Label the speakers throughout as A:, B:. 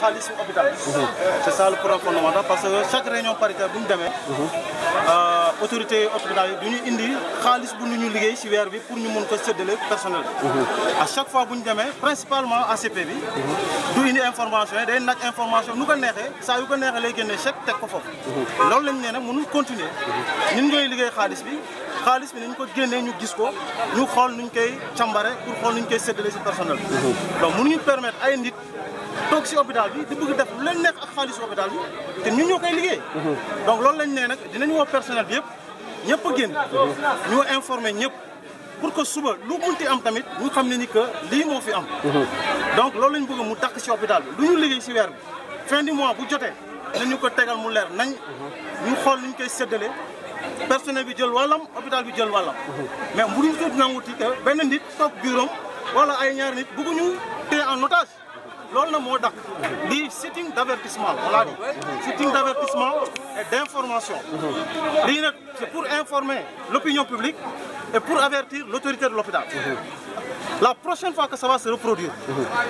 A: xaalisu hôpital. Mhm. Euh, c' est ça le problème fondamental parce que chaque réunion paritaire bu ñu demee. Mhm. Euh, Euh, autorité hôpital yi du ñu indi xaalis bu ñu liggéey ci weer bi pour ñu mun ko séddale personnel bi mhm. à chaque fois bu ñu demee principalement ACP bi mhm. du indi information yi day naaj information nu ko neexee saa yu ko neexee lay génne chèque teg ko foofu mhm. loolu lañ nee nag mënul continuer ñun ñooy liggéey xaalis bi xaalis bi nañ ko génnee ñu gis ko ñu xool nuñ koy càmbare pour xool nuñ koy séddale ci personnel bi donc mënuñu permettre ay nit toog ci hôpital di bëgg def lu leen neex ak xaalis hôpital bi te ñun ñoo koy liggéey donc loolu lañ nee nag dinañ woo personnel bi yëpp ñëpp a génn. ñoo informé ñëpp pour que suba lu munti am tamit ñu xam ne ni que lii moo fi am. donc loolu lañ bëgg mu takk ci hôpital lu ñu liggéey ci weer bi fin du mois bu jotee nañu ko tegal mu leer nañ ñu xool nu koy séddale personnel bi jël wàllam hôpital bi jël wàllam. mais mënuñu ko nangu ti que benn nit toog bureau wala ay ñaar nit bëgguñu téye en otage. loolu na moo tax lii sitting d' avertissement on l'a dit sitting d' et d' information lii nag c' pour informer l' opinion publique et pour avertir l' autorité l'hôpital la prochaine fois que ça va se reproduire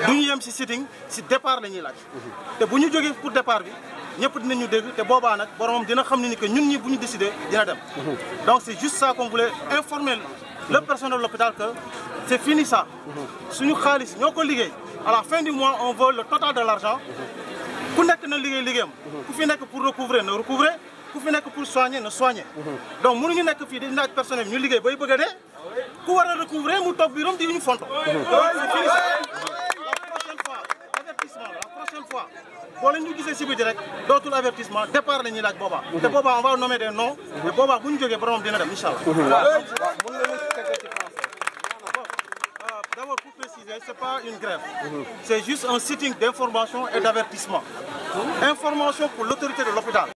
A: du ñu yem si sitting si départ la ñuy laaj te bu ñu jógee pour départ bi ñëpp dinañu dégg te boobaa nag borom boromam dina xam ne ni que ñun ñi bu ñu décider dina dem donc c' est juste ça qu'on voulait informer le personnel l'hôpital que c' fini suñu xaalis ñoo ko liggéey à la fin du mois on veut le total de l'argent ku nekk na liggéey liggéeyam ku fi nekk pour recouvrer na recouvrer ku fi nekk pour soigner na soigner donc mënuñu nekk fii di naaj personnel ñu liggéey bay bëgg a ku war a recouvrer mu toog biiram di ñu fonto donc c'est fini la prochaine fois avertissement la départ la ñuy laaj boobaa te boobaa on va nommer des noms te boobaa bu ñu jógee borom dina dem incha d'abord pour préciser, c'est pas une grève. C'est juste un sitting d'information et d'avertissement. Information pour l'autorité de l'hôpital.